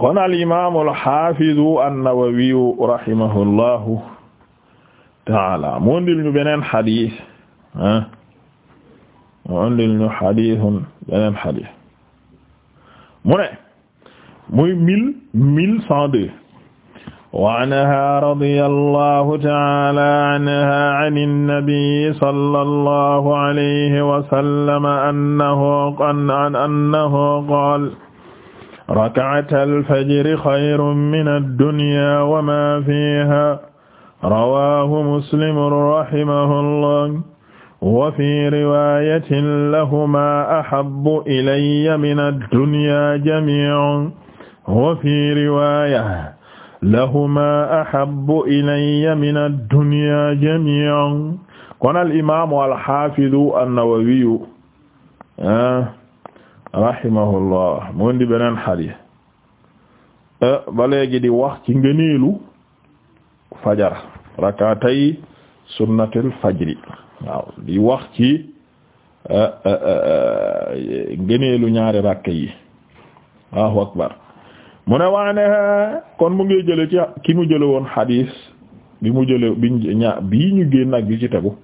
kon al imaamu al xaafidu an-Nawawiyu rahimahullahu taala mu indil ñu beneen xadis ah mu indil ñu xadisun beneen xadis mu ne muy mille mille cent deux wa anha radiyallahu taala anha an an-nabi sallallahu alayhi wa sallam annahu annahu qaala rak'atal fajri xayrun mina dunya wa maa fiihaa rawaahu muslim rahimahullah wa fii riwaayatin lahumaa ahabbu ilayya mina dunya jamii'an wa fii riwaayatin lahumaa ahabbu ilayya mina dunya jamii'an kon al imaamu al haafidu an-Nawawiyu ah, rahimahullah mu beneen xadiis eh, ba léegi di wax ci ngëneelu fajar rakatay sunnatul fajri waaw di wax ci eh, eh, ngëneelu ñaari rakk yi Allahu akbar mu ne waane kon mu ngi jële ci ki mu jële woon xadiis bi mu jële bi ña bii ñu génn bi ci tegu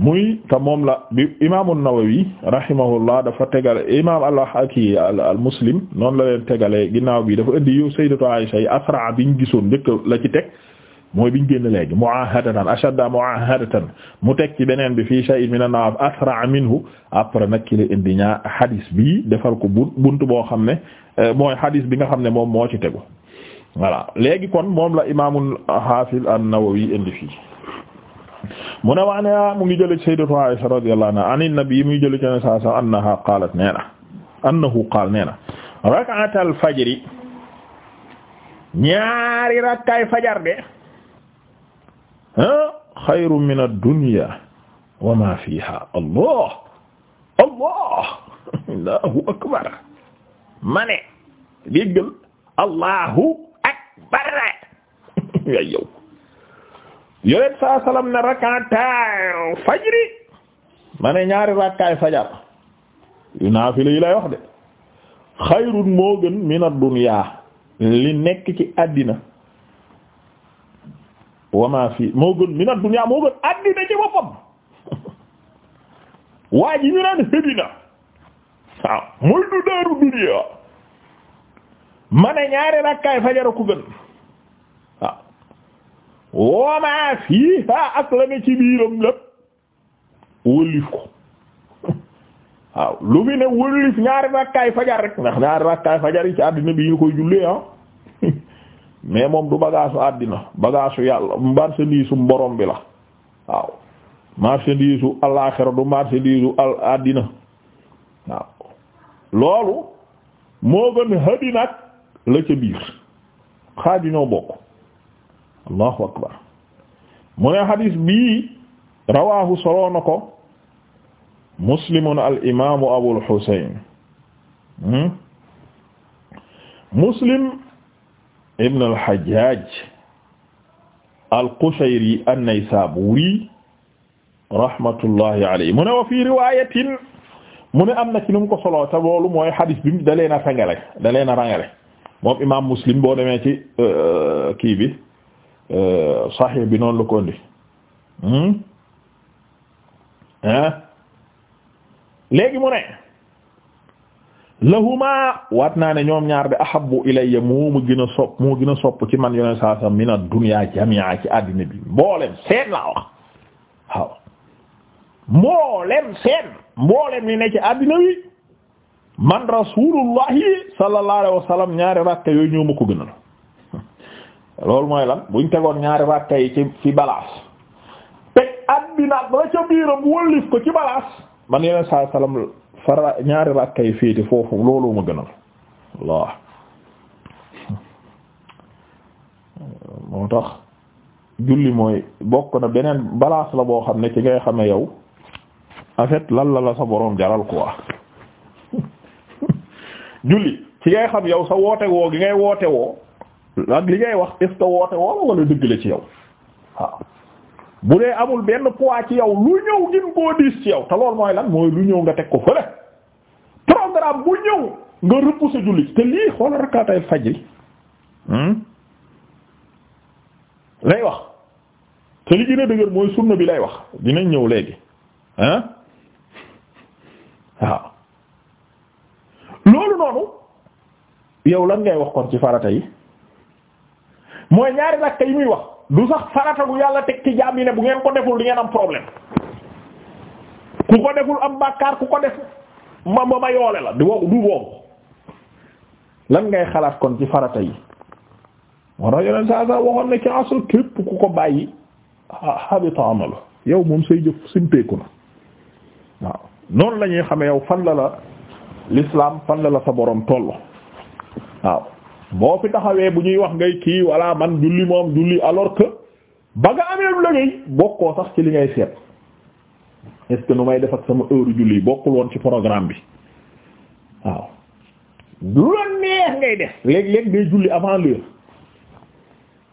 muy te moom la bi imaamu Nawawi rahimahullah dafa tegale imaam al-Haki al-Muslim noonu la leen tegalee ginnaaw bi dafa indi yow Sayyidatu Aisha yi asraa biñ gisoon njëkk la ci teg mooy biñ génn léegi mu'ahadatan ashadda mu'ahadatan mu teg ci beneen bi fii shay'in min an-nawaf asraa minhu après nag ki indi ñaar hadis bi defal ko bunt boo xam ne euh, mooy hadis bi nga xam ne moom moo ci tegu voilà léegi kon moom la imaamul Hafiz an-Nawawi indi fii mu ne waa ne ah, mu ngi jëlee ci sayyidatu Aisha radiyallahu anha an nabi mu ngi jëlee ci ne saa saa annaha qaalat nee na annahu qaal nee na rak'atal fajri ñaari rakkaay fajar de ah xayrun min ad-dunya wa ma fiha allah allah allahu akbar ma ne déggal allahu akbar yow yonent saa salaam ne rakkaataay fajri ma ne ñaari rakkaay fajar yu naafila yi lay wax de xayrun moo gën min ad-dunya li nekk ci àddina wama fi moo gën min ad-dunya moo gën àddina ci boppam waa ji ñu naan xëdina muy du daaru dunya ma ne ñaari rakkaay fajar ku gën wama fiha ak la ne ci biiram lépp wëllif ko waaw lu fi ne wëllif ñaari rakkaay fajar rek ndax ñaari rakkaay fajar yi ci àddina bi ñu koy jullee ah mais moom du bagaasu àddina bagaasu yàlla marchandise su bi la waaw marchandise su alaaxira du marchandise su al àddina waaw loolu moo gën hëddi nag la ca biir xaaju bokk allahu akbar mu ne xadis bii rawaahu soloo na ko muslimun al imaamu abul husayn hmm? muslim ibn al hajjaj al qushayri an naysaburi rahmatullahi alayhi mu ne wa fii riwaayatin mu ne am na ci nu mu ko soloo te loolu mooy xadis bi da leen a rangale da leen a rangale moom imaam muslim boo demee ci euh, kii bi. Euh, saxix bi noonu la ko indi hmm? léegi mu ne lahuma waat naa ne ñoom ñaar de ahabbu ilayya moo mu gën a sopp moo gën a sopp ci man yoneen saa sa min ad-dunya jami'a ci àddina bi mboolem seen laa wax waaw mboolem seen mboolem ni ne ci àddina bi man rasulullahi sallallahu alayhi wa sallam ñaari rakka yooyu ñoo ma ko gënal loolu mooy lan buñ tegoon ñaari rakka yi ci ci balaas teg addina ba ca biiram wëllif ko ci balaas man yeneen saa salaam fara ñaari rakka yi féete foofu looloo ma gënal waaw moo tax julli mooy bokk na beneen balaas la boo xam ne ci ngay xame yow en fait lan la la sa boroom jaral quoi julli ci ngay xam yow sa woote woo gi ngay woote woo ak li ngay wax est-ce woote woola wala dëgg la ci yow waaw bu dee amul benn poids ci yow lu ñëw gin koo diis ci yow te loolu mooy lan mooy lu ñëw nga teg ko fële programme bu ñëw nga repousser julli te lii xoola rakkaatay fajri hmm? lay wax te li gën a dëgër mooy sunna bi lay wax dinañ ñëw léegi ah waaw loolu noonu yow lan ngay wax kon ci farata yi mooy ñaari rakka yi muy wax du sax farata yàlla teg ci jaam yi ne bu ngeen ko deful di ngeen am problème ku ko deful am bàkkaar ku ko def ma ma ma yoole la du boobu lan ngay xalaat kon ci farata yi moo tax yeneen saa saa waxoon na ci asr képp ku ko bàyyi habita amalu yow moom say jëf simpeeku na waaw noonu la ñuy yow fan la la lislaam fan la la sa boroom toll waaw boo fi taxawee bu ñuy wax ngay kii walla man julli moom julli alors que ba nga amee lu liggéey bokkoo sax ci li ngay seet est nu may def ak sama heure julli bokkul woon ci programme bi waaw du la neex ngay def léeg-léeg ngay julli avant l'heure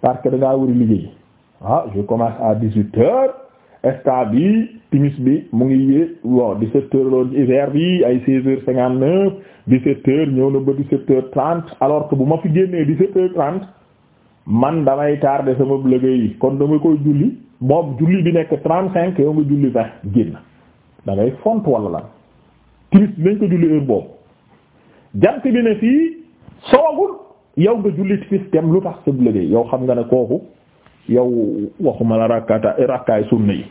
parce que da liggéey ah je commence à dix-huit heures état bi timis bi mu ngi yéeg bon 17 heures loolu hiver bi ay 16 heures 59 17 heures ñëw na ba 17 heures 30 alors que bu ma fi génnee 17 heures 30 man damay tardé sama liggéey yi kon dama koy julli moom julli bi nekk 35 yow nga julli 20 génn da ngay font wala lan timis nañ ko julli heure boobu jant bi ne fii soogul yow nga julli timis dem lu tax sa liggéey yow xam nga ne kooku. yow waxuma la rakkata eh, rakkaay sunna yi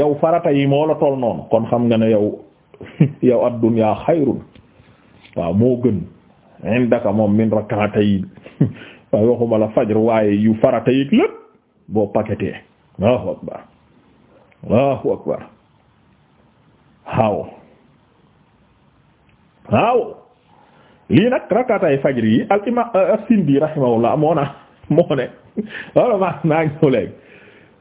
yow farata yi moo la toll noonu kon xam nga ne yow yow ad-dunya xayrun waaw moo gën indaka moom min rakkata yi waaye waxuma la yu farata yi lépp boo paquetee Allahu akbar Allahu akbar waaw waaw lii nag rakkatay fajr yi al imam as-Sindi rahimahullah moo na moo ne wala maa naa ñëw léegi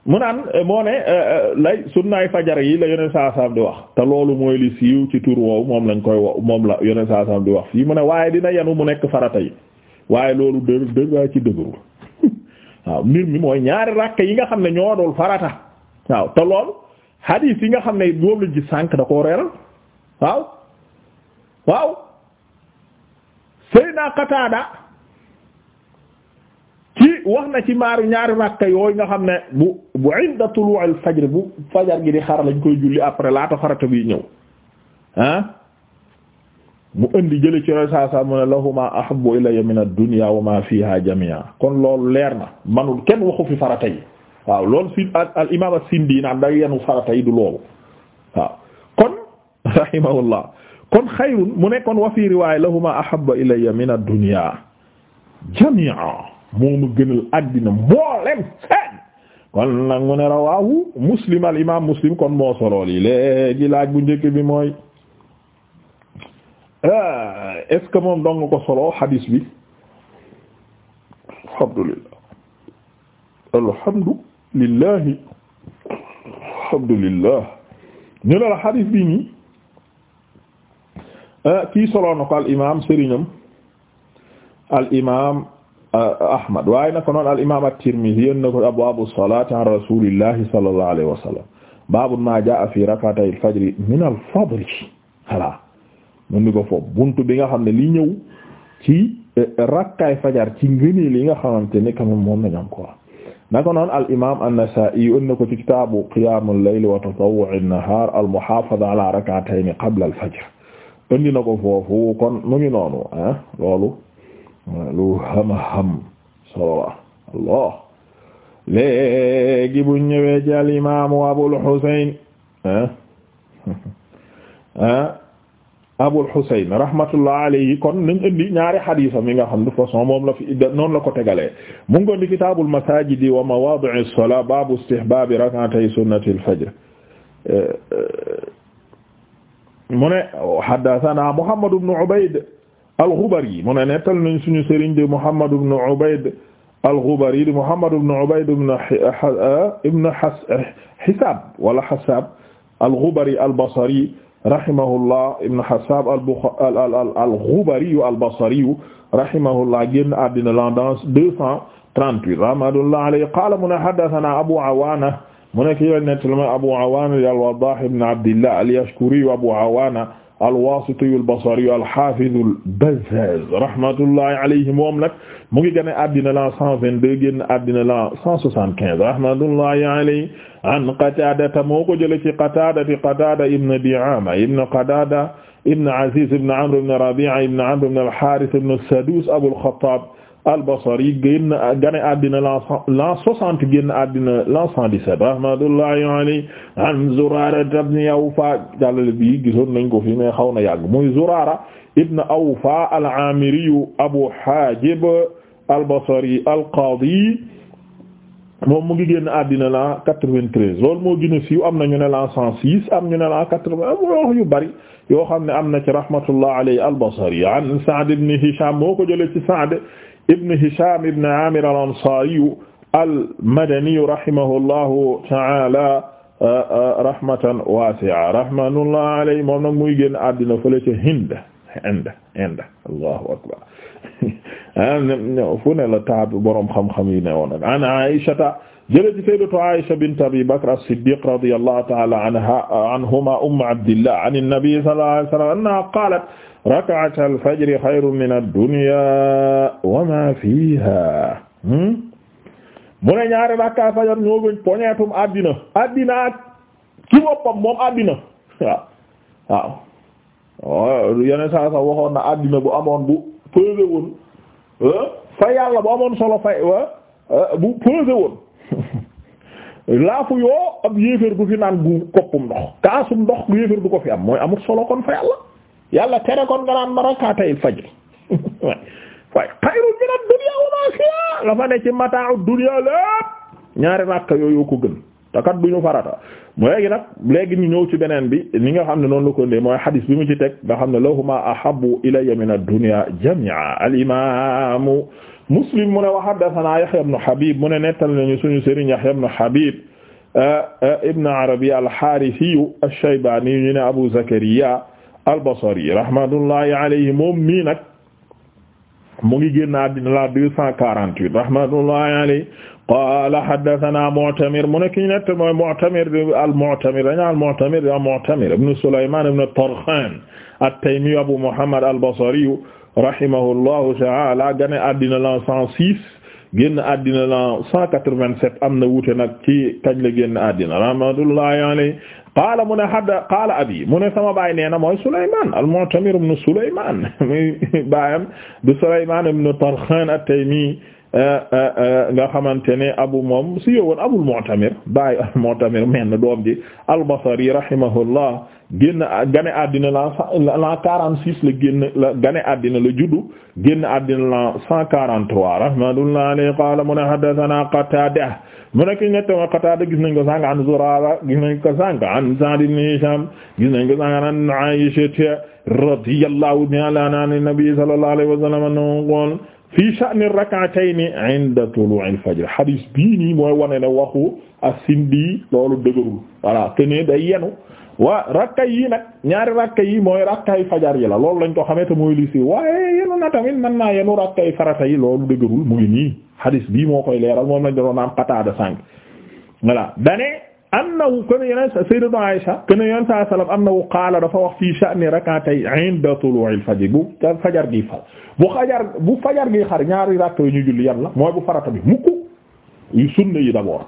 mu naan moo ne euh, euh, lay sunnaay fajar yi la yoneen saa saam di wax te loolu mooy li siiw ci tur woowu moom lañ koy wo moom la yoneen saa saam di wax fii mu ne waaye dina yenu mu nekk farata yi waaye loolu dër dër waaye ci dëgërul waaw mbir mi mooy ñaari ràkk yi nga xam ne ñoo dool farata waaw te loolu hadith yi nga xam ne moom lañ ci sànq da koo reeral waaw waaw Seydina Qataada ci wax na ci maaru ñaari rakka yooyu nga xam ne bu bu inda tulu'il fajr bu fajar gi di xar lañ koy julli après laata farata bi ñëw ah mu indi jële ci rek saa saa mu ne ma kenn waxu fi farata yi waaw loolu si al imaam as-Sindi naan yenu farata du loolu kon rahimahullah kon xayrun mu ne kon wa riwaaya lahuma ahabbu ilayya min ad-dunya jami'a moo ma gënal addina mboolem seen kon nag ne rawaahu muslim al imaam muslim kon moo solo lii léegi laaj bu njëkk bi mooy euh, est-ce que moom dong ko solo hadis bi alhamdulillah alhamdulillah alhamdulillah ñu ne la hadis bi nii euh, kii solo na ko al imaam sëriñam al imaam Ah, Ahmad waaye nako noonu al imaam at-Tirmidhi yéen na ko abwaabu salaati an rasuulillahi sallallahu alayhi rak'atay al min al-fadli mun ni ko foofu buntu bi nga xam ne li ñëw ci eh, rakkaay fajar ci ngënee li nga xamante ne quand même moom nañ am quoi naka noonu al imaam an ko ci kitaabu qiyaamul layli wa tatawwu'i an-nahaar al qabla al-fajr indi ko foofu kon mu noonu ah, loolu. lu allah léegi bu ñëwee ci al imaamu abul husayn abul husayn rahmatullah alayhi kon nañ ñaari xadiisa mi nga xam de façon moom la fi noonu la ko tegalee mu ngi di kitaabul masaajidi wa mawaadi'i salaa baabu istihbaabi rak'atay sunnatil fajr mu muhammad ibn ubayd al-Ghubari mu ne nettal nañ suñu sëriñ di Muhammad ibn Ubayd al-Ghubari di Muhammad ibn Ubayd ibn Hisab wala Hasab al-Ghubari al-Basri rahimahullah ibn Hasab al-Ghubari al-Basri rahimahullah génn àddina l'an dans deux cent trente-huit rahmatullah alayhi qaala mu ne haddathana Abu Awaana mu ne kii la nettal ma Abu Awaana al-Waddah ibn Abdillah al-Yashkuri Abu Awaana al-Wasitiyu al-Basriyu al-Hafizu al-Bazzaz rahmatullahi alayhi moom nag mu ngi gane addina la 122 génn addina la 175 rahmatullahi alayhi an Qataadata moo ko jëlee ci Qataada fi Qataada ibn Di'aama ibn Qadaada ibn Aziz ibn Amr ibn Rabi'a ibn Amr ibn al-Haaris ibn Saduus Abul Khattaab al-Basri génn gane àddina l'an soixante génn àddina l'an cent dix-sept rahmatullahi alayhi an Zurara ibn Awfa jàllale bi gisoon nañ ko fi mais xaw na yàgg muy Zurara ibn Awfa al-Amiri Abu Hajib al-Basri al-Qadi moom mu ngi génn àddina l'an quatre-vingt-treize loolu moo gën a siiw am na ñu ne l'an cent six am ñu ne l'an quatre-vingt wax yu bari yoo xam ne am na ci rahmatullah alayhi al-Basri an Sa'd ibn Hisham moo ko jëlee ci Sa'd ibn Hisham ibn Amir al-Ansari al-Madani rahimahullahu ta'ala uh, uh, rahmatan wasi'a rahmatullahi alayhi moom nag muy génn àddina fële ca Hind Hind Hind Allahu akbar ah, fu ne la taab boroom xam-xam yi ne woon nag an Aïshata jële ci sayyidatu Aïsha bint Abi Bakr as-Siddiq radiyallahu ta'ala anha anhuma umm Abdillah an an-nabi sallallahu alayhi wa sallam annaha qalat rak'atal fajri xayrun min ad-dunya wa ma fiha hmm? mu ne ñaari rakkaay fajar ñoo gën poñeetum àddina àddina ak ci boppam moom àddina waaw waaw oh, yeneen saa sax na àddina bu amoon bu pesé woon eh? fa yàlla bu amoon solo fay eh? Eh? bu pesé woon laafu yoo ab yéeféer du fi naan bu koppum ndox kaasum ndox yéeféer du ko fi am mooy amul solo kon fa yàlla yàlla tere kon nga naan ma rakaatay fajr waaye xayrun min ad-dunya wa ma ne ci mataa'u dunya lépp ñaari rakka yooyu ko gën takat duñu farata mu léegi nag léegi ñu ñëw ci beneen bi ni nga xam ne noonu ko ndee mooy xadis bi mu ci teg nga xam ne lahuma ahabu ilayya min ad-dunya jami'a a imaamu muslim mu ne wa haddathana yahya ibn habib mu ne nettal suñu sëriñ yahya ibn habib uh, uh, ibn arabi al-harisi ash-shaybani ne abu zakariya al-Basri rahmatullahi alayhi moom mii nag mu ngi génn àddina la deux cent quarante-huit rahmatullahi alayhi qaala haddathana Mu'tamir mu ne ki ñu nett mooy Mu'tamir al-Mu'tamir dañu al-Mu'tamir al-Mu'tamir ibn Sulaymaan ibn Tarkhaan at-Taymi Abu Muhammad al-Basri rahimahullahu ta'ala génn àddina la cent six génn àddina la 187 am na wuute nag ci kañ la génn àddina rahmatullahi alayhi qaala mu ne hadda qaala abi mu ne sama baay nee na mooy Sulaymaan al-Mu'tamir ibn Sulaymaan muy baayam du Sulaymaan ibn Tarxaan at-Taymi Eh, eh, eh, nga xamante ne abu moom si yowoon abul mu'tamir baay al mu'tamir na doom ji al-basri rahimahullah génn gane àddina la la quarante six la génn la gane àddina la juddu génn àddina la cent quarante trois rahmatullah alayhi qaala mu ne haddathana qatada mu nekk ñette ma qatada gis nañ ko sànq an zurara na nañ ko sànq an sa'd ibn hisham gis nañ an aisha radiyallahu ta'ala anha nabi sallallahu alayhi fii sha'ni rak'atayni 'inda tulu'il fajr hadis bii nii mooy wane ne waxu as-Sindi loolu dëgërul voilà te ne day yenu waa rakka yi nag ñaari rakka yi mooy rakkay fajar yi la loolu lañ ko xamee te mooy lisi waaye yenu na tamit mën naa yenu rakkay farata yi loolu dëgërul mu ngi nii hadis bii moo koy leeral moom lañ doon naan pataada sànq voilà dane annahu kon yeneen sayyidatu Aisha kon yeneen saa salaam annahu qaala dafa wax fii sha'ni rak'atay 'inda tulu'il fajr bu fajar gi far bu fajar bu fajar gi xar ñaari rakk yu ñu julli yan la mooy bu farata bi mukk yu sunna yi d'abord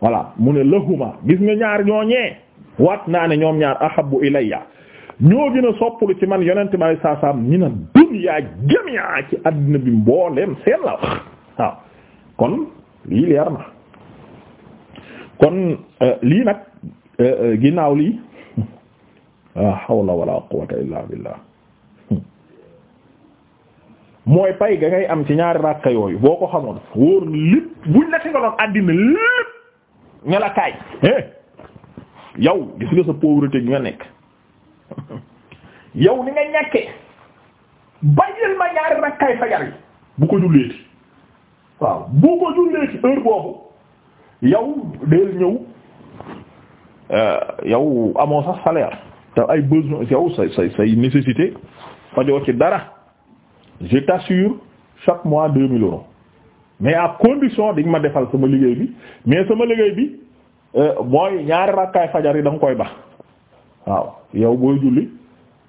voilà mu ne lahuma gis nga ñaar ñooñee waat naa ne ñoom ñaar ahabbu ilayya ñoo gën a ci man yonent bi alayhi salaam min àddina bi mbooleem seen la wax waaw kon lii leer na. kon euh, lii nag euh, euh, ginnaaw lii la hawla wala quwwata illa mooy pay ga ngay am ci ñaari rakka boo ko xamoon wóor lépp buñ la tegaloon àddina lépp ña la kaay eh, yow gis nga sa pauvreté gi nga nekk yow ni nga ñàkkee bàyyil ma ñaari rakkaay fajar yi bu ko julleeti waaw bu ko julleeti heure boobu yow deel ñëw euh, yow amoo sax salaire te ay besoin yow say say say nécessité fajoo ci dara je t'assure chaque mois deux mille euros mais à condition dañ ma defal sama liggéey bi mais sama liggéey bi euh, mooy ñaari ràkkaay fajar yi da koy bax waaw yow booy julli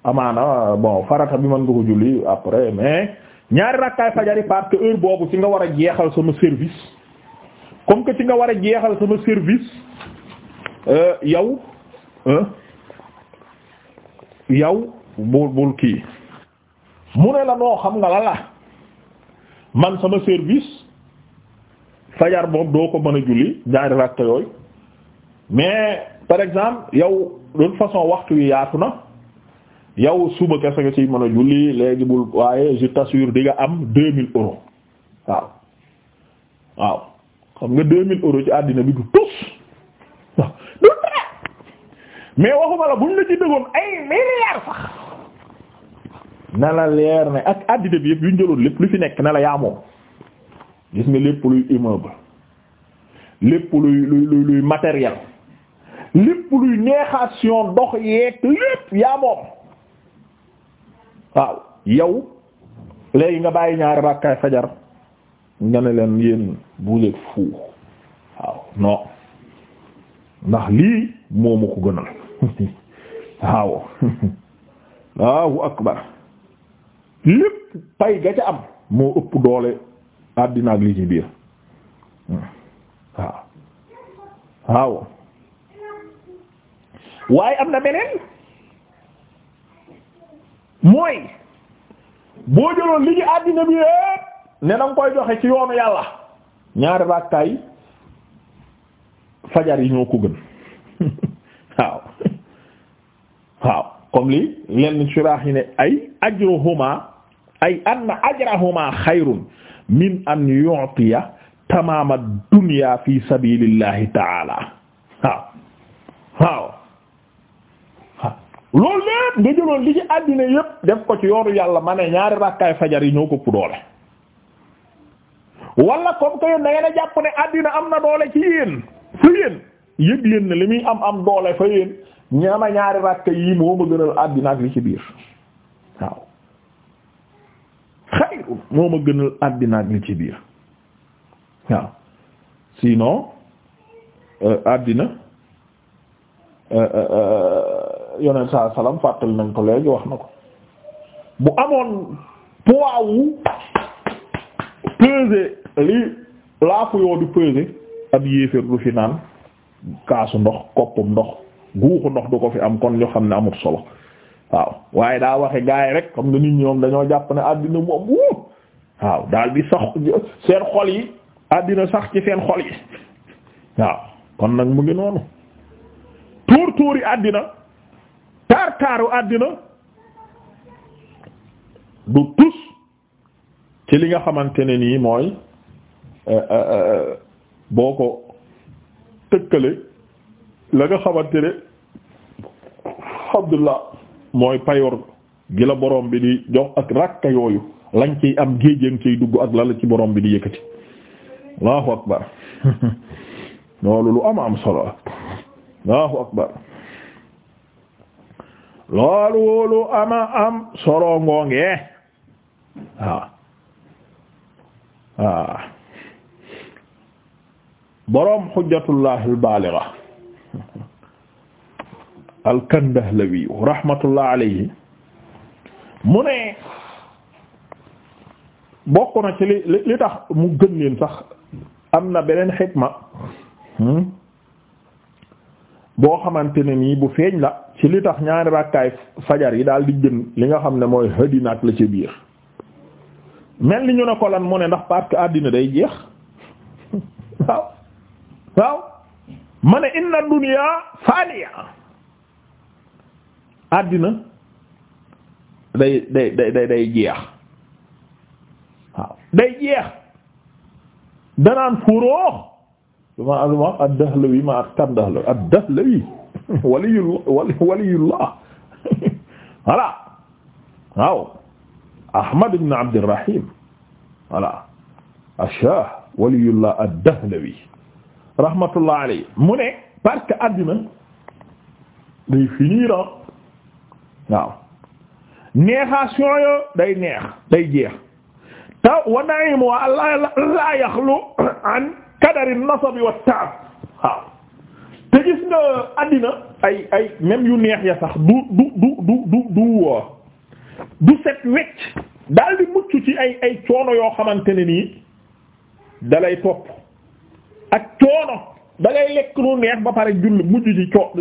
amaana bon farata bi man nga ko julli après mais ñaari rakkaay fajar yi parce que heure boobu ci nga war a jeexal sama service comme que ci nga war a jeexal sama service euh, yow yow bul bul kii mu ne la noo xam nga la la man sama service fajar boobu doo ko mën a julli ñaari rakka yooyu mais par exemple yow de toute façon waxtu wi yaatu na yow suba kese nga ci mën a julli léegi bul waaye je t'assure di nga am deux mille euros waaw waaw xam nga deux mille euros ci àddina bi du tus du dara mais waxuma la buñ la ci dëggoon ay milliards sax na la leer ne ak àddina bi yëpp yuñ jëloon lépp lu fi nekk na la yaa moom gis nga lépp luy immeuble lépp luy luy luy matériel lépp luy néexation dox yeeg lépp yaa moom waaw yow léegi nga bàyyi ñaari rakkaay fajar nga leen yéen buuleeg fou waaw non ndax lii moomu ko gënal waaw Allahu akbar lépp pay ga am moo ëpp doole àddina ak li ci biir hmm. waaw waaw waaye am na beneen mooy boo jëloon li ñu àddina bi yépp ne na koy joxe ci yoonu yàlla ñaari ràkkaay fajar yi ñoo ko gën waaw waaw comme li lenn suraax yi ne ay ajruhuma ay anna ajrahuma xayrun min an yu'tiya tamaama dunya fi sabilillahi ta'ala waaw waaw loolu lépp nga li ci àddina yépp def ko ci yoonu yàlla ma ne ñaari ràkkaay fajar yi ñoo ko ëpp doole wala comme que yéen da ngeen a jàpp ne àddina am na doole ci yéen fa yéen yëg leen li muy am am doole fa yéen ñaama ñaari rakk yi moo ma gënal àddina ak li ci biir waaw xayru moo ma gënal àddina ak li ci biir waaw sinon euh, àddina euh, euh, yonent saa salaam fàttali nañ ko léegi wax na ko bu amoon poids li laafu yoo di ab yéeféer du fi naan kaasu ndox koppum ndox guuxu ndox du ko fi am kon ñoo xam ne amul solo waaw waaye daa waxe gaay rek xam nga nit ñoom dañoo jàpp ne àddina moom wuu waaw daal di sax seen xol yi àddina sax ci seen xol yi waaw kon nag mu ngi noonu tóor tóori àddina taar taaru àddina du tus ci li nga xamante ne nii mooy Euh, euh, euh, boo ko tëkkale la nga xamante ne abdullah mooy payoor gi la borom bi di jox ak rakka yooyu lañ ciy am géejéen ciy dugg ak la ci boroom bi di yëkkati allahu akbar loolu lu am am solo allahu akbar ama am solo ngoongee waaw waaw boroom xujjatullah albaaliga alkandahlawi rahmatullah alayhi mu ne bokk na ci li li tax mu gën leen sax am na beneen xikma hmm, boo xamante ne nii bu feeñ la ci li tax ñaari rakkaay fajar yi daal di gën li nga xam ne mooy hëdina la ci biir mel li ñu ne ko lan mu ne ndax parce àddina day jeex waaw waaw ma ne inna dunya faaniya àddina day day day day jeex waaw day jeex danaan furoox dama al wax ad-Dahlawi ma ak kan Dahlawi ad-Dahlawi waliyul waliyullah voilà waaw Ahmad ibn Abd al-Rahim voilà ash-Shah waliyullah ad-Dahlawi rahmatullah alayhi mu ne parce que àddina day finir ah. waaw neexation yo day neex day jeex te wa na'imu la yaxlu an kadari nasab wa ta'ab te gis nga àddina ay ay yu neex ya sax du du du du du set wecc daal di mucc ci ay ay coono yoo xamante ne nii dalay topp ak coono da ngay lekk lu neex ba pare julli mujj ci coo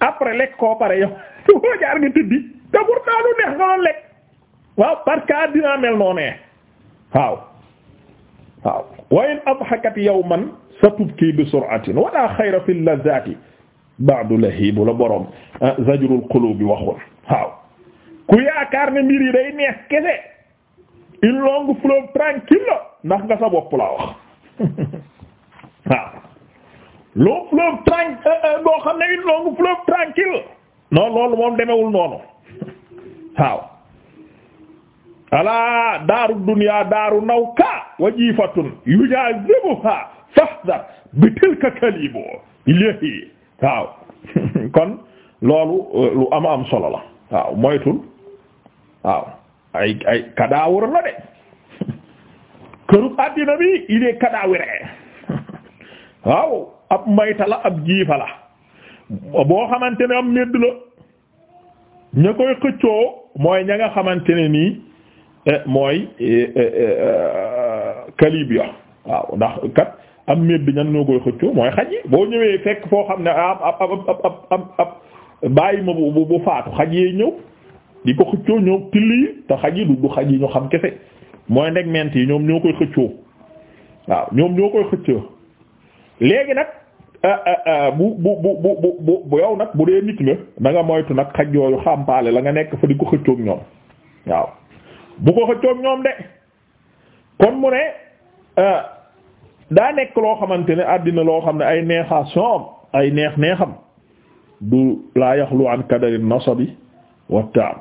après lekk koo pare yow su ko jaar nga tëddi te pourtant lu neex nga lekk waaw parce que addinaa mel noo nee waaw waaw wa in adhakat yawman satubki bi sur'atin wala xayra fi llazati ba'du lahibu la borom ah, zajrul qulubi waxul waaw ku yaakaar ne mbir day neex kese une longue fleuve tranquille ndax nga sa bopp laa wax waaw long fleuve tranquille euh, euh, boo xam ne une longue fleuve tranquille non loolu moom demewul noonu waaw alaa daaru duniyaa daaru nawka wajifatun yujazibuha fahdar bi tilka kalibu ilayhi waaw kon loolu euh, lu ama am solo la moytul waaw ay ay la de këru àddina bi il est kadaawure waaw ab mayta la ab jiifa la boo xamante ne am medd la ña koy xëccoo mooy ña nga xamante ne nii eh, mooy kalib eh, eh, ya waaw ndax kat am medd ñan ñoo mooy xaj boo ñëwee fekk foo xam ne ab ab ab ab ab bàyyi ma bu faatu xaj yee ñëw di ko xëccoo ñoom till yi te xaj yi du du xaj yi ñu xam kese mooy ndeg ment yi ñoom ñoo koy xëccoo waaw ñoom ñoo koy xëccoo léegi nag euh, euh, euh, bu bu bu bu bu bu yow nag bu dee nit nga da nga moytu nag xaj yooyu xàmpaale la nga nekk fa di ko xëccoog ñoom waaw bu ko xëccoog ñoom de kon mu ne daa nekk loo xamante ne àddina loo xam ne ay neexasoom ay neex neexam du laa yaxlu an kadari nasabi wa taab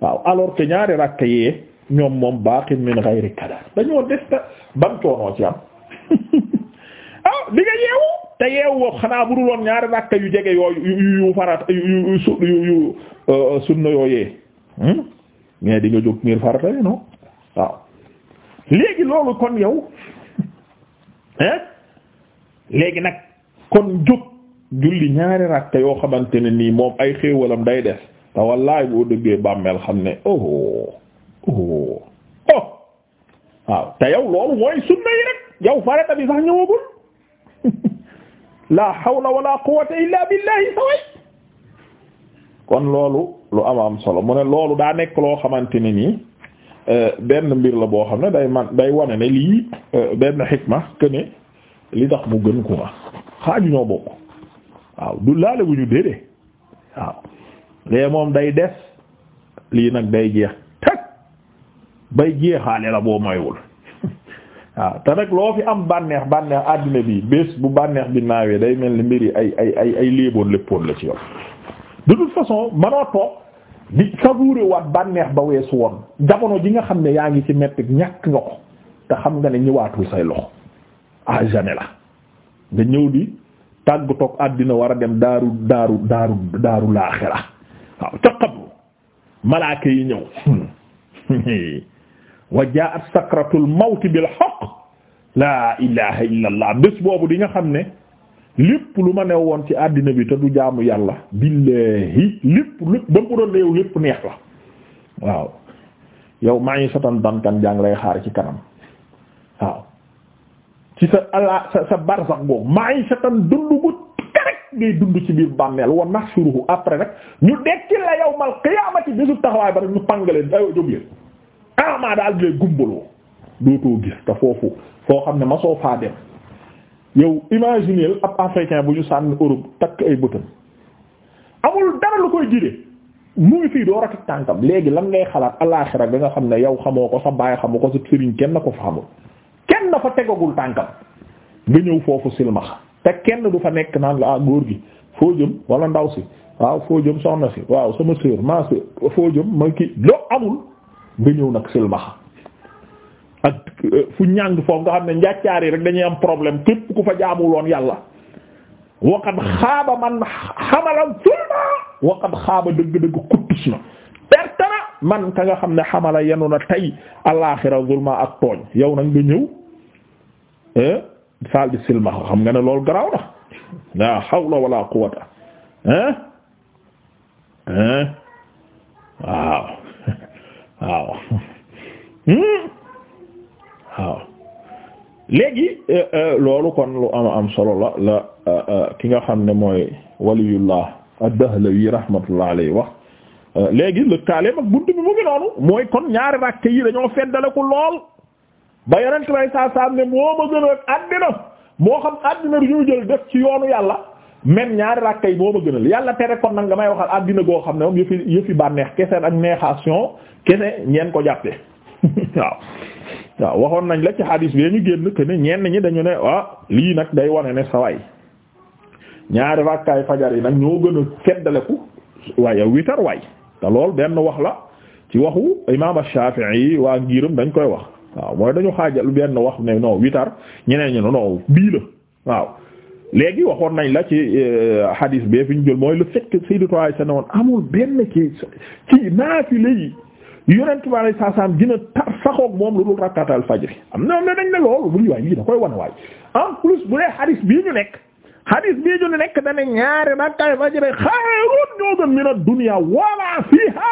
waaw alors que ñaari rakk yee ñoom moom baqin min ghayri kadar dañoo des ta ban coonoo ci am ah di nga yeewu te yeewu boobu xanaa bu dul woon ñaari rakka yu jege yooyu yu yu farata yu su yu euh, sunna yooyee hmm? mais di nga jóg ngir farata yi non waaw léegi loolu kon yow hein léegi nag kon jóg julli ñaari rakka yoo xamante ne nii moom ay xéewalam day des te wallaay boo dëggee bàmmeel xam ne oh oh oh, oh. waaw te yow loolu mooy sunna yi rek yow farata bi sax ñëwagul. la hawla wala quwwata illa billahi saway kon loolu lu am solo mu ne loolu daa nekk loo xamante ne nii euh, benn mbir la boo xam ne day man day wane ne lii euh, benn xikma que li tax mu gën ko ma xaaju ñoo bokk waaw du laale bu ñu déedee waaw lee moom day des lii nag day jeex teg bay jeexaale la boo moywul waaw te rek loo fi am bànneex bànneex àddina bi bés bu bànneex bi naawee day mel ni mbir yi ay ay ay ay léeboon léppoon la ci yow du toute façon manoo toog di savourer waat bànneex ba weesu woon jamono ji nga xam ne yaa ngi ci metti ñàkk nga ko te xam nga ne ñëwaatul say loxo à jamais la nga ñëw di tàgg toog àddina war a dem daaru daaru daaru daaru la waaw ca xabru malaaka yi ñëw wa jaa'at sakratul mawt bil haqq laa ilaha illa allah bés boobu di nga xam ne lépp lu ma ne woon ci àddina bi te du jaamu yàlla billahi lépp lépp ba mu doon réew lépp neex la waaw yow maa ngi satan dankan jàng lay xaar ci kanam waaw ci sa ala sa sa barsax boobu maa ngi satan dund bu terek ngay dund ci biir bàmmeel wa nahshuruhu après rek ñu dekki la yawmal qiyaamati bésu taxawaay ba rek ñu pangale dayo jóg ama daal di lay gumbaloo dootoo gis te foofu foo xam ne ma soo faa dem yow imaginer ab africain bu ñu sànni Europe takk ay bëtam amul dara lu koy jire mu fii doo ratit tànkam léegi lan ngay xalaat alaaxira bi nga xam ne yow xamoo ko sa baay xamu ko sa sëriñ kenn ko fa xamul kenn na tegagul tànkam nga ñëw foofu silmax te kenn du fa nekk naan la ah, góor gi foo jëm wala ndaw si waaw foo jëm soxna si waaw sama sœur ma sœur foo jëm ma kii loo amul nga ñëw nag silmaxa ak euh, fu ñàng foofu nga xam ne njàccaar yi rek dañuy am problème képp ku fa jaamuloon yàlla waqad xaaba man xamalan zulma waqad xaaba dëgg-dëgg kuttus na pertana man ka nga xam ne xamala yenu na tey alaaxira zulma ak tooñ yow nag nga ñëw saal di silmaxa xam nga ne loolu garaaw na la hawla wala quwwata hein hein waaw Hmm? waaw léegi euh, euh, loolu kon lu am am solo la euh, ki nga xam ne mooy waliyullah ad-Dahlawi rahmatullah alayhi wax léegi lëkkaaleem ak bunt mu ngi mooy kon ñaari rakk yi dañoo feddale ko lool ba yonent bay saa saa ne moo ma gën a àddina moo xam àddina yu ñu jël def ci yoonu yàlla même ñaari rakkay moo ma gënal yàlla tere kon nag nga may waxal àddina goo xam ne moom yëfi yëfi bànneex kese ak neexation kese ñeen ko jàppe waaw waxoon nañ la ci hadis bi ñu génn que ne ñenn ñi dañu ne ah lii nag day wane ne sa waay ñaari rakkay fajar yi nag ñoo gën a feddaleku waaye witar waay te lool benn wax la ci waxu imaam Shafi'i yi waa ngiram dañ koy wax waaw mooy dañu xaajal benn wax ne non witar ñeneen ñi non non bii la waaw. léegi waxoon nañ la ci euh, hadis bee fi ñu jël mooy le fait que Sayyidatu Aisha ne amul benn ci ci naafile yi yonent bi alayhi salaam tar saxoog moom lu dul rakkatal fajri am na ne dañ ne loolu bu ñu waay lii da koy wan waay en plus bu dee hadis bii ñu nekk hadis bii ñu nekk dana ñaari rakkatal fajri xayrun ñoo gën mina dunya wala fiha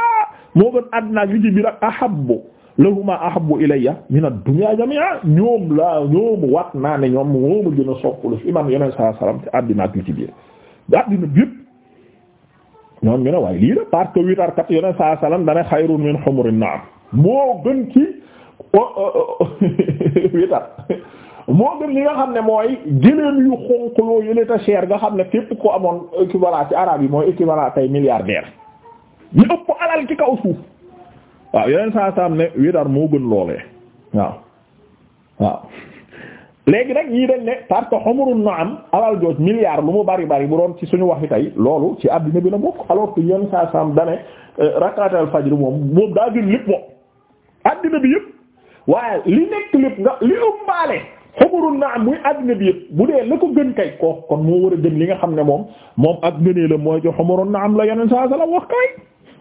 moo gën àddina ak li ak ahabbu lahuma ahabbu ilayya min ad-dunya jami'a ñoom laa ñoom wat naa ne ñoom mooma gën a sopplu fi man yoneen saa salaam te àddina ak li ci biir àddina bi yëpp ñoom ñu ne waaye lii la parce que witarkat yoneen saa salaam dana xayrun min humurin na'am moo gën ci witar moo gën li nga xam ne mooy gëléem yu xonq loo yële ta cher nga xam ne képp ko amoon équivalent ci arabe yi mooy équivalent tey milliardaire ñu ëpp alal ci kaw suuf waaw yeneen saa saam ne witar moo gën loolee waaw waaw léegi nag ñii dañ ne parce que xamurun na am alal jooj milliard lu mu bari bari bu doon ci suñu waxi tey loolu ci àddina bi la bokk alors que saa saam dane euh, rakaatal fajr moom moom daa gën lépp moom àddina bi yëpp waaye li nekk lépp nga li ëmbaale xamurun na am muy àddina bi yëpp bu dee la ko gën kay koo kon moo war a gën li nga xam ne moom moom ak gënee la mooy ci xamurun na am la yeneen saa sa la wax kay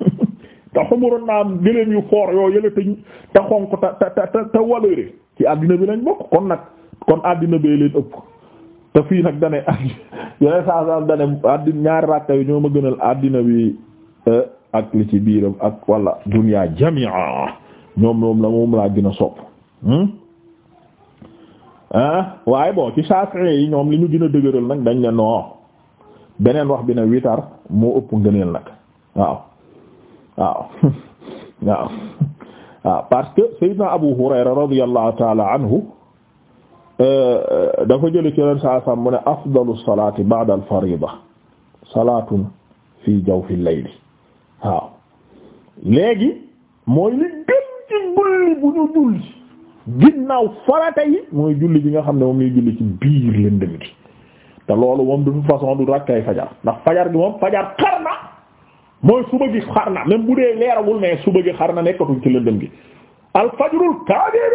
te xumuroon naa am gëléem yu foor yoo yële te te te te te te waleere ci àddina bi lañ bokk kon nag kon àddina bee leen ëpp te fii nag dane yeneen saa saa dane àddina ñaari rakka yi ñoo ma gënal àddina bi e, ak li ci biiram ak walla duniyaa jamia ñoom moom moom laa gën a sopp hmm? waaye boo ci Shafi'i yi ñoom li ñu gën a dëgëral nag dañ ne non beneen wax bi ne witar moo ëpp ngëneel nag waaw waaw waaw waaw parce que Seydina Abu Hurayra radiyallahu ta'ala anhu euh, euh, dafa jële ci leen saa sam mu ne afdalu salati al-farida salatun fi jawfi al-layl waaw léegi mooy li gën ci julli bu ñu julli ginnaaw farata yi mooy julli bi nga xam ne moom lay julli ci biir lëndëm gi te loolu moom de toute façon du rakkay fajar ndax fajar gi moom fajar xar na mooy suba gi xar na même bu dee leerawul ne suba gi xar na nekkatuñ ci lëndëm gi al kaadiri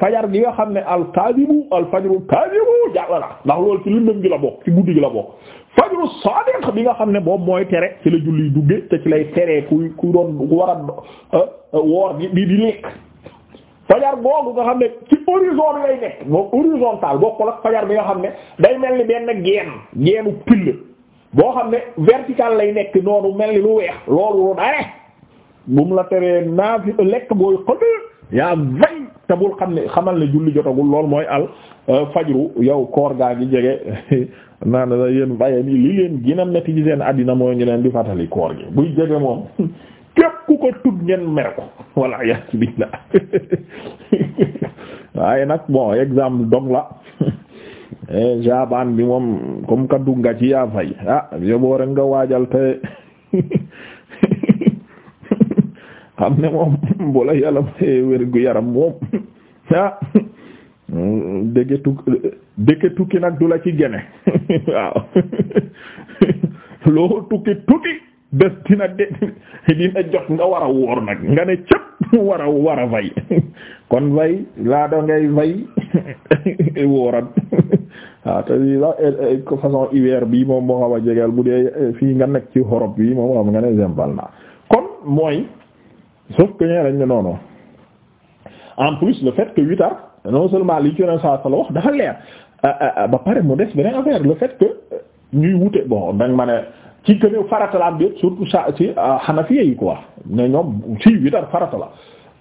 fajar gi nga xam ne alkaadibu alfajrul kaadibu jàll na ndax loolu ci lëndëm gi la bokk ci guddi gi la bokk fajru saadiq bi nga xam ne boobu mooy tere ci la julli dugge te ci lay teree ku ku doon ku war a euh, euh, woor di di lekk fajar googu nga xam ne ci horizon bi lay nekk fajar bi nga xam ne day mel ni benn geen geenu pile boo xam ne vertical lay nekk noonu mel ni lu weex loolu lu dare bu mu la teree naafi lekk booy xëdd yaa vay te bul xam ne xamal ne julli jotagul loolu mooy al euh, fajru yow koor gaa ngi jege naa na yéen bàyye ni li leen gën metti ci seen àddina mooy ñu di fàttali koor gi buy jege moom képp ku ko tudd ngeen mere ko voilà yaa ci la waaye nag bon exemple dong la Eh, jaban bi moom comme kaddu nga ci yaa fay ah yoboo waajal te xam ne moom bu la yàlla may wérgu yaram moom ah tukki nag du la ci gene waaw loo tukki tukki bés dina de dina jot nga war a woor nag nga ne cëpp war a fay kon fay laa da fay wóoran waaw ah, te lii sax eh, eh, façon hiver bi moom moo xaw a jegeel bu dee eh, fii nga nekk ci Europe bi moom xam nga ne zembal naa kon mooy sauf que ñee dañ ne noonu en plus le fait que huit heures non seulement li ci saa sala wax dafa leer ah, ah, ba pare mu beneen affaire le fait que euh, ñuy wute bon dañ ma ne ci que farata la am bi surtout ça ci Hanafiya yi quoi ne ñoom ci huit farata la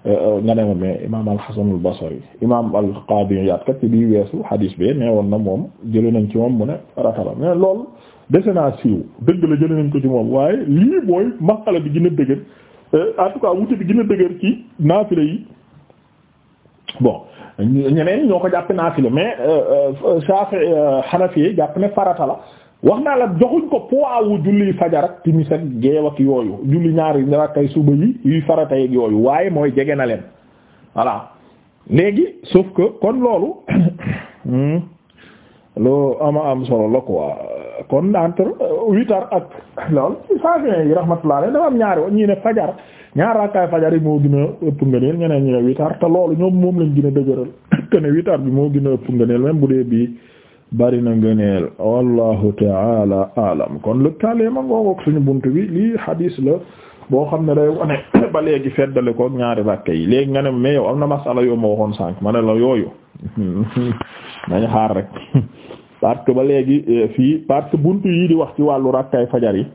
nga ne mais imaam al-Hasan al-Basri imaam al-Qaadi Iyaad kat ci bii weesu hadis bi nee woon na moom jëlee nañ ci moom mu ne farata la mais lool dese naa siiw dëgg la jëlee nañ ko ci moom waaye lii mooy masala bi gën a dëgër euh, en tout cas wuute bi gën a dëgër ci naafila yi bon ñeneen ñoo ko jàpp naafila mais euh, euh, Shaafi'i Hanafi jàpp ne farata la. wax naa la joxuñ ko poids wu julli fajar ak timis ak yooyu julli ñaari rakkay suba yi yuy faratay ak yooyu waaye mooy jege na leen voilà léegi sauf que kon loolu hmm, loo ama am solo la quoi kon entre ak heures ak loolu a yi rahmatullah dafa am ñaari woon ñii ne fajar ñaar rakkaay fajar yi moo gën a ëpp ngëneel ñeneen ñi ne huit heures te loolu ñoom moom lañ gën a dëgëral que ne huit bi moo gin a ëpp ngëneel même bu dee bii bari na ngëneel wallahu taala alam kon lëkkaale ma ngoogook suñu bunt bi lii hadis la boo xam ne day wane ba léegi feddale ko ñaari ràkke yi léegi nga ne mais yow am na masala yoo ma waxoon sànq ma ne la yooyu nañ xaar rek parce que ba léegi euh, fii parce que bunt yi di wax ci wàllu ràkkaay fajar yi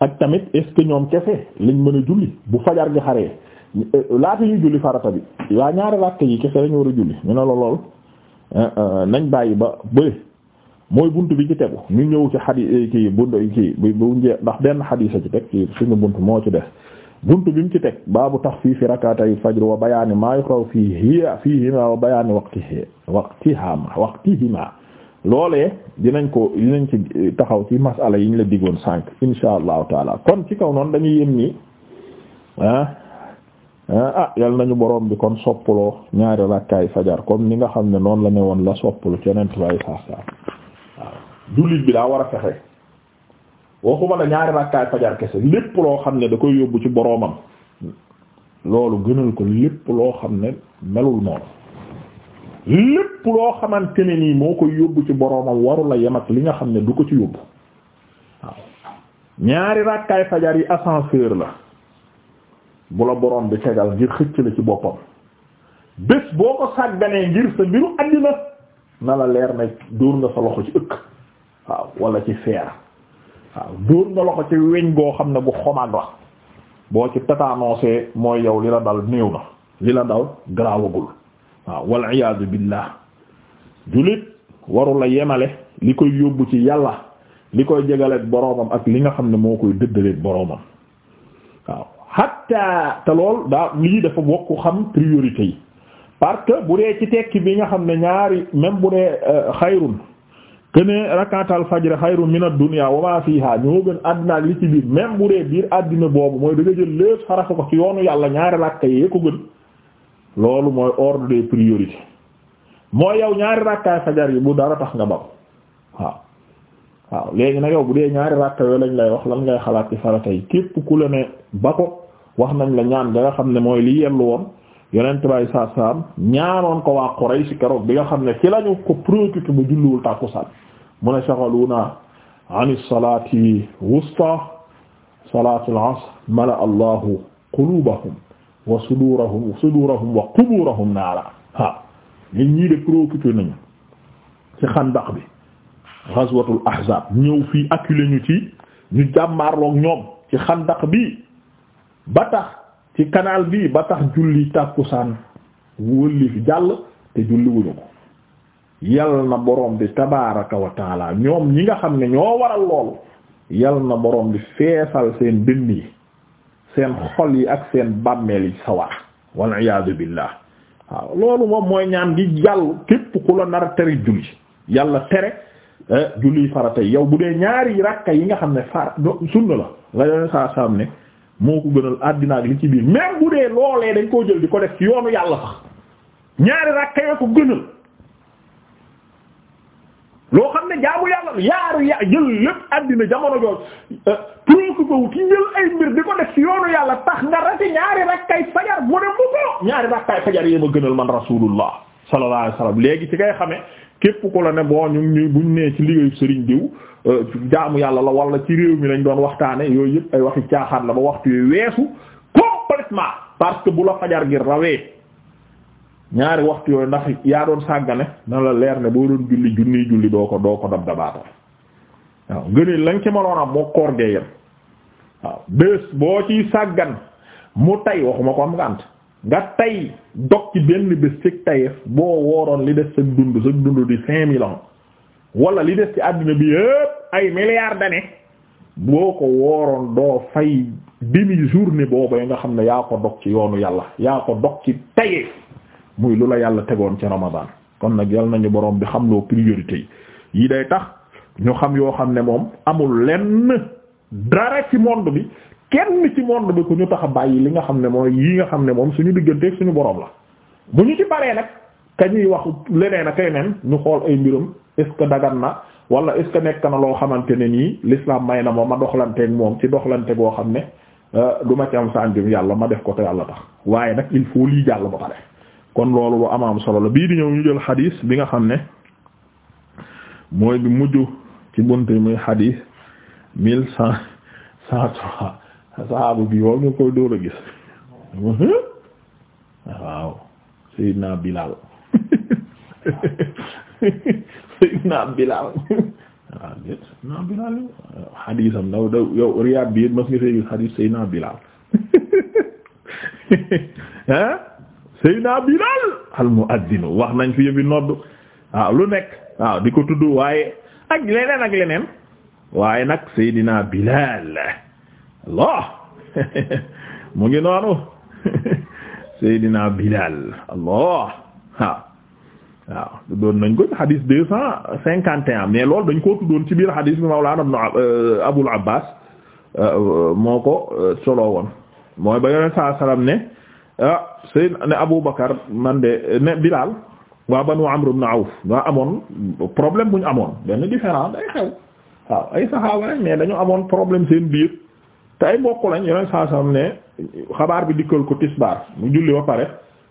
ak tamit est ñoom kese lañ mën a julli bu fajar gi xare xaree euh, laata ñuy julli farata bi waa ñaari ràkke yi kese lañu war a julli ñu ne la lool Euh, euh, nañ bàyyi ba bëri mooy buntu bi ci tegu ñu ñëw ci xadis eh, kii buntu kii bu bu ndax benn xadis a ci teg suñu bunt moo ci def bunt bi mu ci teg baabu taxfiifi faj fajr wa bayaani maa yukrahu fiihi fiihimaa wa bayaani waqtihi waqtihaa waqtihimaa loole dinañ ko dinañ ci eh, taxaw ci masala yi ñu la diggoon sànq insha allah taala kon ci kaw noonu dañuy yem ni ah. Ah, ah yal nañu boroom bi kon soppaloo ñaari rakkaay fajar comme ni nga xam ne noonu la ne woon la soppalu keneen tubaab yi saa saa waaw jullit bi daa war a fexe waxuma la ñaari rakkaay fajar kese lépp loo xam ne da koy yóbbu ci boroomam loolu gënal ko lépp loo xam ne melul noonu lépp loo xamante ne ci boromam waru la yem li nga xam ne du ko ci yóbbu waaw ñaari rakkaay fajar yi ascenseur la. bu la borom bi tegal ngir xëcc la ci boppam bés boo ko sàgganee ngir sa mbiru àddina na la leer na dóor nga sa loxo ci ëkk waaw wala ci feer waaw dóor nga loxo ci weñ goo xam ne bu xomaag la boo ci tatanoosee mooy yow li la dal néew na li la dal garaawagul waaw wal iyaadu billah jullit warula yemale li koy yóbbu ci yàlla li koy jegaleek boroomam ak li nga xam ne moo koy dëddaleek boroomam waaw hatta te lool daa lii dafa bokk xam priorité yi parce que bu dee ci tekki bi nga xam ne ñaari même bu dee euh, xayrun que ne faj fajr xayrun min ad-dunya wa ma fiha ñoo gën àddina li ci biir même bu dee biir àddina boobu mooy da nga jël lépp yàlla ñaari rakka yee ko loolu mooy ordre des yow ñaari rakkaay fajar yi bu dara tax nga bam waaw waaw léegi nag yow bu dee ñaari rakka yooyu lañ lay wax lan ngay xalaat ci farata yi képp ku la ne ba ko wax nañ la ñaan da nga xam ne mooy li yellu woon yonent bay saa saam ñaanoon ko waa Quraysh keroog bi nga xam ne ci lañu ko préoccupé bu julliwul tàkkusaan mu ne shaghaluna an as-salati wusta salatu al-asr mala allahu qulubahum wa sudurahum sudurahum wa quburahum naara ha ñi ñii de préoccupé nañu ci xandaq bi ghazwatul ahzab ñëw fii acculé ñu ci ñu jàmmaarloog ñoom ci xandaq bi ba tax ci canal bii ba tax julli tàkkusaan wëllif jàll te julli wuñu ko yal na borom bi tabaaraka wa ñoom ñi nga xam ne ñoo waral loolu yal na borom bi feesal seen dënn yi seen xol yi ak seen bàmmeel yi sawar wal iyaadu billah waaw loolu moom mooy ñaan gi jàll képp ku la nar tere julli yàlla tere eh, julli farata yow bu dee ñaari rakka yi nga xam ne far sunna la la yoon saa saam ne moo ko gënal àddina ak li ci biir même bu dee loolee dañ koo jël di ko def ci yoonu yàlla sax ñaari rakka ko gënal loo xam ne jaamu yàlla yaaru ya jël lépp àddina jamono jool préoccupé wu ci jël ay mbir di ko def yoonu yàlla tax nga rate ñaari rakkay fajar mu ne mu ko ñaari rakkay fajar yee ma gënal man rasulullah sallallahu alayhi wasallam léegi ci kay xamee képp ku la ne boo ñu ngi buñ nee ci liggéeyu sëriñ diw euh, jaamu yàlla la walla ci réew mi lañ doon waxtaane yooyu yëpp ay waxi caaxaan la ba waxtu yu weesu complètement parce que bu la fajar gi rawee ñaari waxtu yooyu ndax yaa doon sàggane na la leer ne boo doon julli junniy julli doo ko doo ko dab dabaatal waaw ngëneel lañ ci mënoon am moo koor gee yem waaw bés boo ciy sàggan mu tay waxuma ko am ngànt nga tey dog ci benn bés cig tayeef boo wooroon li des sa dund sa dund di cinq mille ans wala li des ci àddina bi yépp ay milliards d'années boo ko wooroon doo fay demi journée boobu nga xam ne yaa ko dog ci yoonu yàlla yaa ko dog ci tayeef muy lu la yàlla tegoon ci ramadan kon nag yal nañu borom bi xam loo priorité yi day tax ñu xam yoo xam ne moom amul lenn dara ci monde bi kenn ci monde bi ku ñu tax a bàyyi li nga xam ne mooy yi nga xam ne moom suñu digganteeg suñu borom la bu ñu ci nag ka ñuy wax leneen ak leneen ñu xool ay mbirum est ce que na wala est nekk na loo xamante ne nii l'islam may na ma ma doxalanteeg moom ci doxalante goo xam ne euh, du ma ci am sa anjum yàlla ma def ko te yàlla tax waaye nag il lii jàll ba kon loolu lu am solo la bii di ñëw ñu jël xadiis bi nga xam ne mooy bi mujj ci bunt muy xadiis mille cent cent trois saxaabu bi moom ñu koy dóor a gis waaw Seydina Bilal Seydina Bilal waaw déet Seydina Bilal xadiisam daw daw yow Riyad bi mas nga fee xadiis Seydina Bilal hein Seydina Bilal al wax nañ fi yëbi nodd lu nekk waaw di waaye ak leneen ak leneen waaye nag Seydina Bilal Allah mu ngi noonu Seydina Bilal Allah waaw waaw tuddoon nañ ko hadith deux cent cinquante et un mais loolu dañ koo tuddoon ci biir hadith bi Mawlana euh, Abul Abbas euh, euh, moo ko soloo woon mooy ba yoneen saa salaam ne Abu Bakar man de ne Bilal waa Banu Amr ibn Awf waa amoon problème bu ñu amoon benn différent day xew waaw ay saxaaba rek mais dañu amoon problème seen biir te ay mbokk lañ yeneen saa sam ne xabaar bi dikkal ko tisbaar mu julli ba pare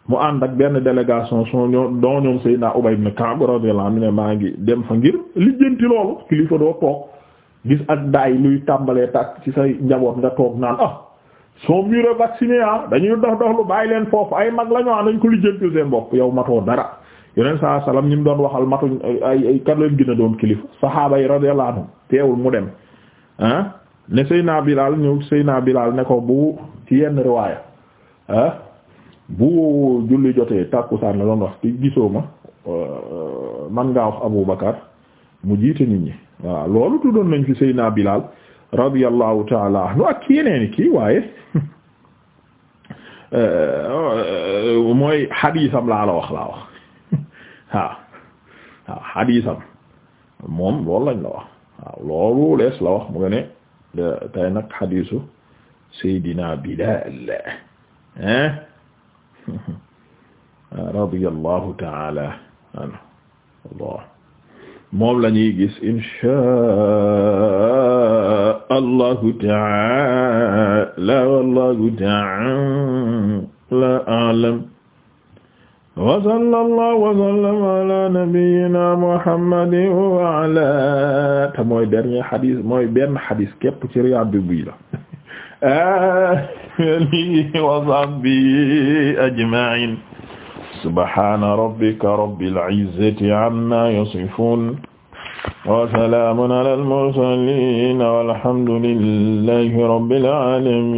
mu ànd ak benn délégation soo ñoom doo ñoom Seydina Ubay ibn Ka'b radiyallahu anhu ne maa ngi dem fa ngir lijjanti loolu kilifa doo toog gis ak daay luy tàmbalee tàkk ci say njaboot nga toog naan ah sont a vacciné ah dañuy dox dox lu bàyyi leen foofu ay mag la ñu ah nañ ko lijjanti seen bopp yow matoo dara yeneen saa salaam ñi mu doon waxal matuñ ay ay leen a doon kilifa saxaaba yi radiyallahu mu dem ah. ne Seyna Bilal ñëw Seyna Bilal ne ko bu ci yenn riwaaya bu julli jotee tàkkusaan la doon wax ci gisoo ma euh, man ngaa wax Abu Bakar mu jiite nit ñi voilà loolu tuddoon nañ fi Seyna Bilal radiyallahu taala anhu ak yeneen kii waaye euh, mooy xadiisam laa la wax laa wax waaw waaw xadiisam moom loolu lañ la wax waaw loolu lees la wax mu nga tey nag xadiisu Seydina Bilaal hein radiyallahu taala anhu Allah moom la ñuy gis inshaa Allahu taala wallahu taala a'lam wa sallallahu wa sallama ala nabiyyina muhammadin wa ala te mooy dernier xadis mooy benn xadis képp ci Riyad bi la alihi wa sahbihi ajma'in subhana rabbika rabbil izzati amma yasifun wa salamun ala al mursalin walhamdulillahi rabbil alamin